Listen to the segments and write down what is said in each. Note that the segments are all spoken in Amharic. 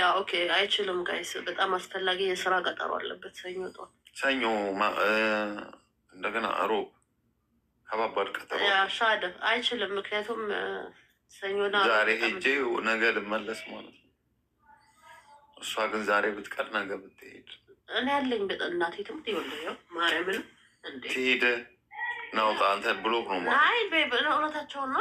ያ ኦኬ፣ አይችልም ጋይስ፣ በጣም አስፈላጊ የስራ ቀጠሮ አለበት። ሰኞ ጠዋት፣ ሰኞ እንደገና ሮብ ከባባድ ቀጠሮ ሻደ፣ አይችልም። ምክንያቱም ሰኞና ዛሬ ሄጄ ነገ ልመለስ ማለት ነው። እሷ ግን ዛሬ ብትቀር ነገ ብትሄድ እኔ ያለኝ በጠናት ትምህርት ይወለየው ማርያምን ትሄደ ናውጣ አንተ ብሎክ ነው ማለት አይ እውነታቸውና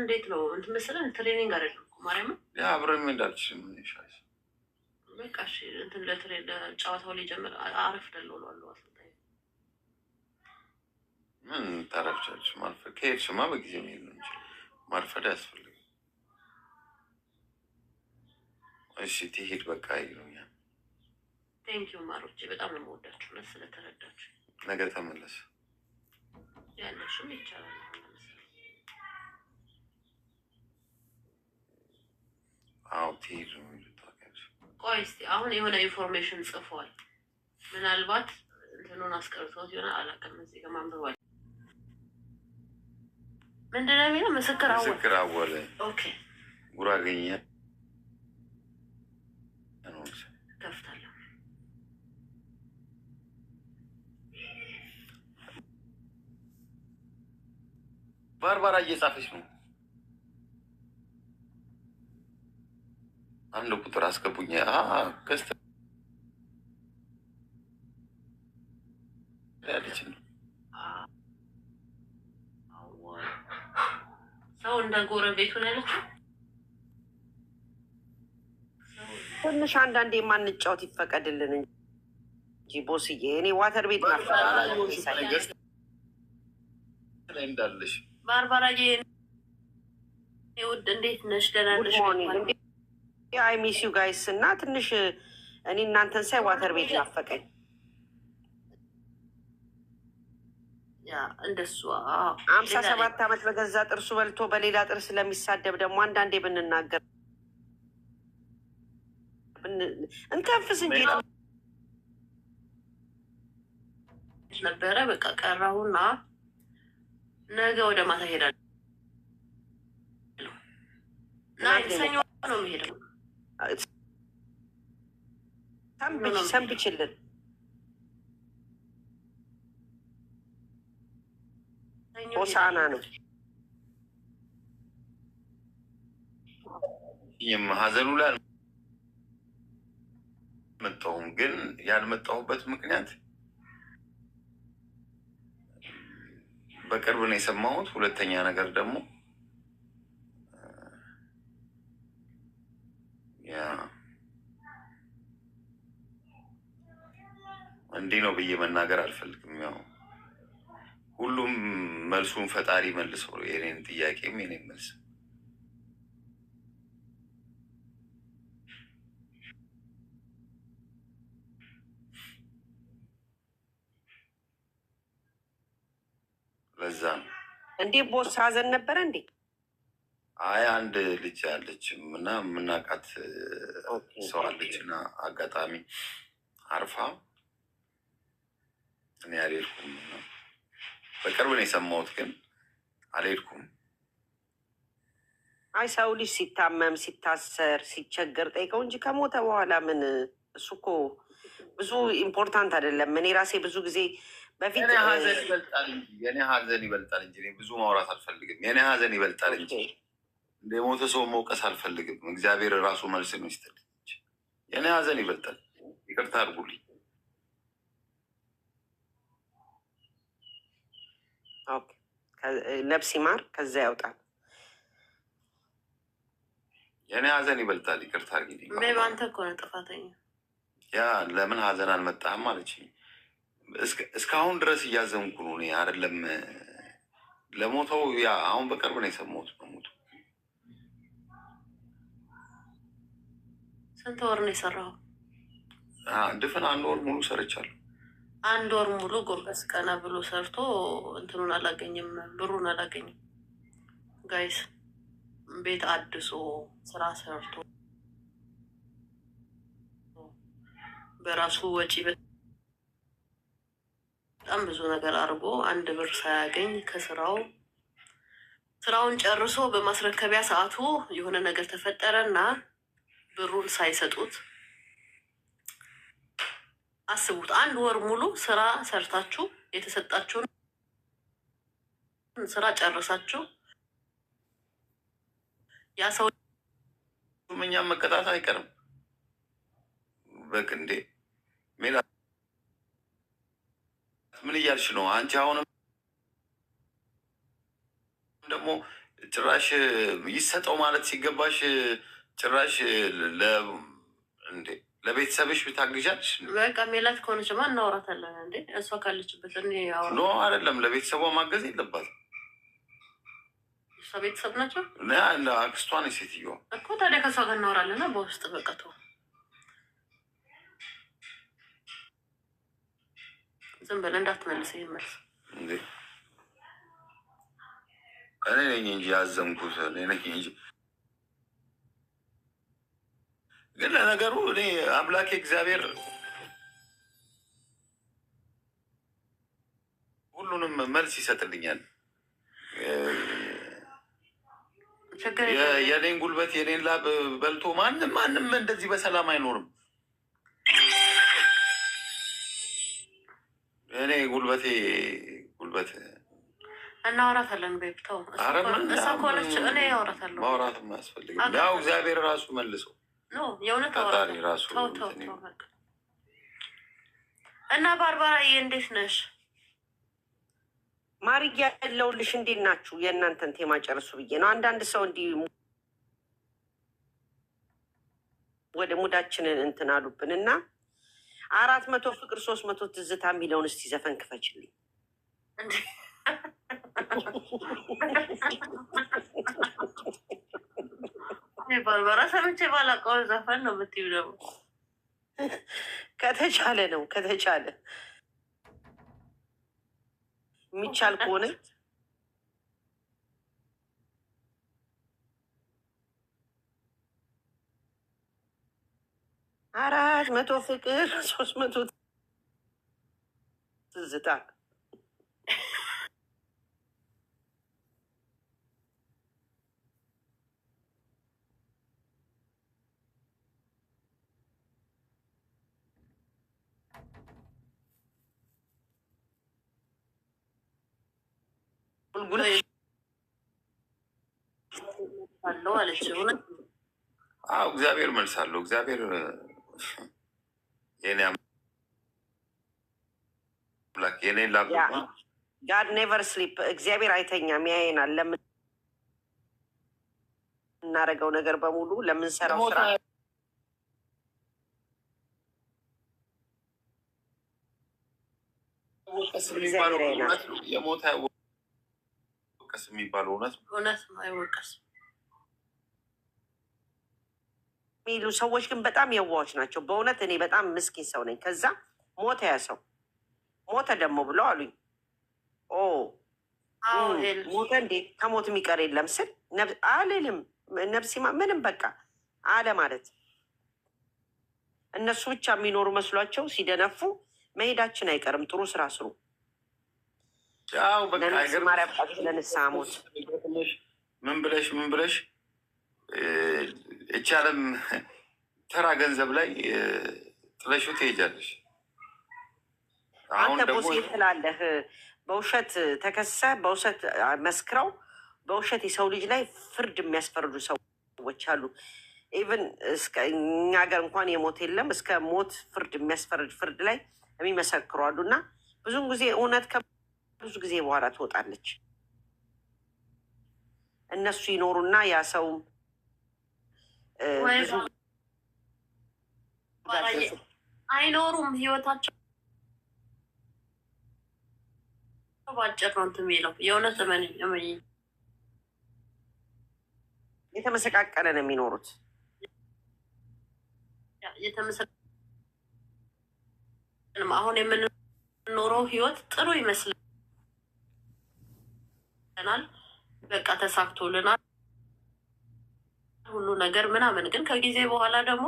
እንዴት ነው እንትን መሰለን ትሬኒንግ አደለም ማርያምን አብረ ሄዳልችል ሻ በቃ እሺ እንትን ለትሬ ጨዋታው ላይ ጀምር አረፍ ደለው ነው አለው አሰልጣኝ። ምን ታረፍቻለሽ? ማርፈድ ከሄድሽማ በጊዜ መሄድ እንጂ ማርፈድ አያስፈልግም። እሺ ትሄድ በቃ ይሉኛል። ቴንኪዩ ማሮቼ፣ በጣም ነው የምወዳችሁ ነ ስለተረዳችሁ። ነገ ተመለስ ያለሽም ይቻላል። አዎ ቆይ እስኪ አሁን የሆነ ኢንፎርሜሽን ጽፏል። ምናልባት እንትኑን አስቀርቶት ሆነ አላውቅም። እዚህ ጋር ማንበባል ምንድን ነው የሚለው? ምስክር አወለ ምስክር አወለ ጉራገኛ ከፍታለሁ። ባርባራ እየጻፈች ነው አንድ ቁጥር አስገቡኝ ገዝተ ያለች ሰው እንደ ጎረቤቱ ነች። ትንሽ አንዳንዴ የማንጫወት ይፈቀድልን እንጂ ቦስዬ፣ እኔ ዋተር ቤት እንዴት ነሽ? ደህና ነሽ? አይ ሚስ ዩ ጋይስ እና ትንሽ uh, እኔ እናንተን ሳይ ዋተር ቤት ናፈቀኝ። እንደሱ አምሳ ሰባት ዓመት በገዛ ጥርሱ በልቶ በሌላ ጥርስ ስለሚሳደብ ደግሞ አንዳንዴ ብንናገር እንከንፍስ እንጂ ነበረ። በቃ ቀረሁና ነገ ወደ ማታ ሄዳለሁ ነው የምሄደው ሰንብችልን ሆሳና ነው። ሀዘሉላ አልመጣሁም፣ ግን ያልመጣሁበት ምክንያት በቅርብ ነው የሰማሁት። ሁለተኛ ነገር ደግሞ እንዲህ ነው ብዬ መናገር አልፈልግም። ያው ሁሉም መልሱን ፈጣሪ መልሰው የኔን ጥያቄም የኔን መልስ በዛ ነው እንዴ ቦስ ሀዘን ነበረ እንዴ? አይ አንድ ልጅ ያለች እና የምናውቃት ሰው አለች እና አጋጣሚ አርፋ እኔ አልሄድኩም ነው በቅርብ ነው የሰማሁት፣ ግን አልሄድኩም። አይ ሰው ልጅ ሲታመም ሲታሰር ሲቸገር ጠይቀው እንጂ ከሞተ በኋላ ምን እሱ እኮ ብዙ ኢምፖርታንት አይደለም። እኔ ራሴ ብዙ ጊዜ በፊት የኔ ሀዘን ይበልጣል እንጂ የኔ ሀዘን ይበልጣል እንጂ ብዙ ማውራት አልፈልግም። የኔ ሀዘን ይበልጣል እንጂ የሞተ ሰው መውቀስ አልፈልግም። እግዚአብሔር ራሱ መልስ ነው ይስጥልኝ። የኔ ሀዘን ይበልጣል። ይቅርታ አድርጉልኝ። ነብስ ይማር፣ ከዛ ያውጣል። የኔ ሀዘን ይበልጣል። ይቅርታ አድርጊልኝ። አንተ እኮ ነህ ጥፋተኛ። ያ ለምን ሀዘን አልመጣህም አለችኝ። እስካሁን ድረስ እያዘንኩ ነው እኔ አይደለም ለሞተው። ያ አሁን በቅርብ ነው የሰማሁት በሞቱ ስንት ወር ነው የሰራው? ድፍን አንድ ወር ሙሉ ሰርቻለሁ። አንድ ወር ሙሉ ጎንበስ ቀና ብሎ ሰርቶ እንትኑን አላገኝም፣ ብሩን አላገኝም። ጋይስ ቤት አድሶ ስራ ሰርቶ በራሱ ወጪ በጣም ብዙ ነገር አድርጎ አንድ ብር ሳያገኝ ከስራው ስራውን ጨርሶ በማስረከቢያ ሰዓቱ የሆነ ነገር ተፈጠረ እና ብሩን ሳይሰጡት አስቡት። አንድ ወር ሙሉ ስራ ሰርታችሁ የተሰጣችሁን ስራ ጨርሳችሁ ያ ሰው እኛም መቀጣት አይቀርም። በቅ እንዴ ሜላት ምን እያልሽ ነው አንቺ? አሁንም ደግሞ ጭራሽ ይሰጠው ማለት ሲገባሽ ጭራሽ እንዴ ለቤተሰብሽ ብታግዣለሽ። በቃ ሜላት ከሆነችማ እናውራታለን። እንዴ እሷ ካለችበት ኖ አይደለም፣ ለቤተሰቧ ማገዝ የለባትም። እሷ ቤተሰብ ናቸው፣ አክስቷ ነች ሴትዮዋ እኮ። ታዲያ ከእሷ ጋር እናወራለና በውስጥ በቀቶ ዝም ብለህ እንዳትመልስ። ይመልስ መልስ እኔ ነኝ እንጂ ያዘንኩት እኔ ነኝ እንጂ ግን ለነገሩ እኔ አምላኬ እግዚአብሔር ሁሉንም መልስ ይሰጥልኛል። የኔን ጉልበት የኔን ላብ በልቶ ማንም ማንም እንደዚህ በሰላም አይኖርም። እኔ ጉልበቴ ጉልበት እናወራታለን። ቤብተው እሷ እኔ ማውራትም ያው እግዚአብሔር ራሱ መልሰው የእውነት ራሱ እና ባርባራዬ እንዴት ነሽ? ማርያ ያለውልሽ እንዴት ናችሁ? የእናንተን ቴማ ጨርሱ ብዬ ነው። አንዳንድ ሰው እንዲህ ወደ ሙዳችንን እንትን አሉብን እና አራት መቶ ፍቅር ሶስት መቶ ትዝታ የሚለውን እስቲ ዘፈን ክፈችልኝ። ባርባራ ሰምቼ ባላውቀው ዘፈን ነው የምትይው። ደግሞ ከተቻለ ነው ከተቻለ የሚቻል ከሆነ አራት መቶ ፍቅር ሶስት መቶ ትዝታ ጉዳይ አለው አለች። አዎ እግዚአብሔር መልስ እግዚአብሔር የኔ አምላክ ላ ጋድ ኔቨር ስሊፕ እግዚአብሔር አይተኛም፣ ያየናል። ለምናደርገው ነገር በሙሉ ለምንሰራው ስራ የሞት አይወቀስ የሚባለው እውነት እውነት ነው፣ አይወቀስ የሚሉ ሰዎች ግን በጣም የዋዎች ናቸው። በእውነት እኔ በጣም ምስኪን ሰው ነኝ። ከዛ ሞተ፣ ያ ሰው ሞተ ደግሞ ብለው አሉኝ። ኦ ሞተ እንዴ? ከሞት የሚቀር የለም ስል አልልም። ነብሲማ ምንም በቃ አለ ማለት እነሱ ብቻ የሚኖሩ መስሏቸው ሲደነፉ መሄዳችን አይቀርም። ጥሩ ስራ ስሩ። ለንሳሞች ምን ብለሽ ምን ብለሽ እቻለም ተራ ገንዘብ ላይ ጥለሹ ትሄጃለሽ። አንተ ቦሴ ትላለህ። በውሸት ተከሰ በውሸት መስክረው በውሸት የሰው ልጅ ላይ ፍርድ የሚያስፈርዱ ሰዎች አሉ። ኢቨን እስከ እኛ ሀገር እንኳን የሞት የለም እስከ ሞት ፍርድ የሚያስፈርድ ፍርድ ላይ የሚመሰክሩ አሉ እና ብዙን ጊዜ እውነት ከ ብዙ ጊዜ በኋላ ትወጣለች። እነሱ ይኖሩና ያ ሰው አይኖሩም። ህይወታቸው ባጭር ነው እንትን የሚለው የሆነ ዘመን የተመሰቃቀለ ነው የሚኖሩት አሁን የምንኖረው ህይወት ጥሩ ይመስላል። ሰርተናል፣ በቃ ተሳክቶልናል ሁሉ ነገር ምናምን። ግን ከጊዜ በኋላ ደግሞ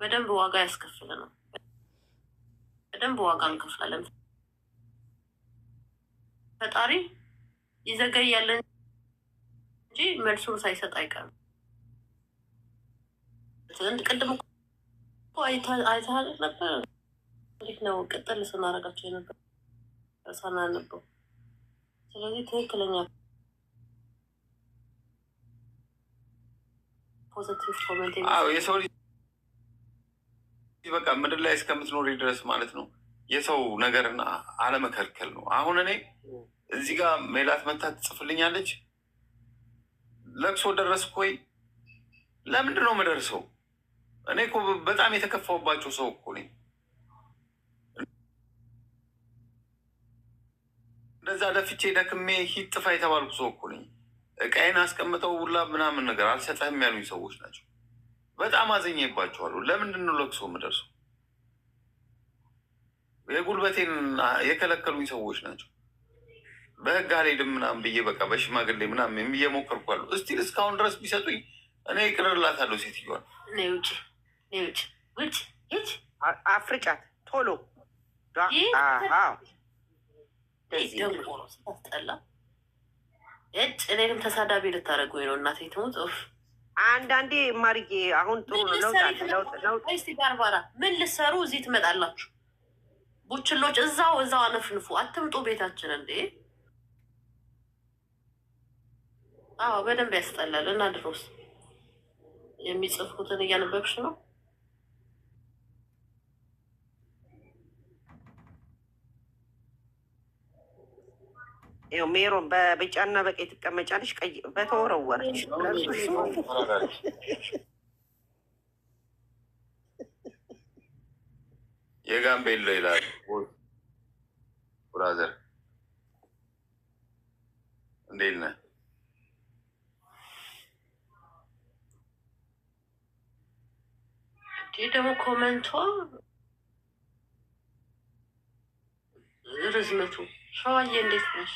በደንብ ዋጋ ያስከፍልናል። በደንብ ዋጋ እንከፍላለን። ፈጣሪ ይዘገያለን እንጂ መልሱን ሳይሰጥ አይቀርም። ቅድም አይተሃል ነበር። እንዴት ነው ቅጥል ስናደርጋቸው የነበር ሳናነበው። ስለዚህ ትክክለኛ ፖዘቲቭ ኮመንት የሰው ልጅ በቃ ምድር ላይ እስከምትኖሪ ድረስ ማለት ነው የሰው ነገርን አለመከልከል ነው። አሁን እኔ እዚህ ጋር ሜላት መታ ትጽፍልኛለች። ለቅሶ ደረስኩ ወይ? ለምንድን ነው የምደርሰው? እኔ እኮ በጣም የተከፋውባቸው ሰው እኮ ነኝ። እንደዛ ለፍቼ ደክሜ ሂድ ጥፋ የተባልኩ ሰው እኮ ነኝ። እቃዬን አስቀምጠው ውላ ምናምን ነገር አልሰጠህም ያሉኝ ሰዎች ናቸው። በጣም አዘኘባቸዋለሁ። ለምንድን ነው ለቅሶ የምደርሰው? የጉልበቴን የከለከሉኝ ሰዎች ናቸው። በህግ አልሄድም ምናምን ብዬ በቃ በሽማግሌ ምናምን እየሞከርኩ አሉ። እስቲል እስካሁን ድረስ ቢሰጡኝ እኔ ይቅርላታለሁ። ሴትዮዋን ውጭ ውጭ ውጭ አፍርጫት ቶሎ ደግሞ ነው እጭ እኔንም ተሳዳቢ ልታደረጉ ነው። እናቴ ትሙት አንዳንዴ ማርጌ አሁን ጥሩ ነውጋርባራ ምን ልሰሩ እዚህ ትመጣላችሁ? ቡችሎች እዛው እዛው አነፍንፉ፣ አትምጡ ቤታችን እንዴ! አዎ በደንብ ያስጠላል። እና ድሮስ የሚጽፉትን እያነበብሽ ነው ይኸው ሜሮን በቢጫና በቀይ ትቀመጫለች። ቀይ በተወረወረች የጋምቤሎ ይላል ብራዘር፣ እንዴት ነህ? ይህ ደግሞ ኮመንቶ ርዝመቱ ሸዋዬ፣ እንዴት ነሽ?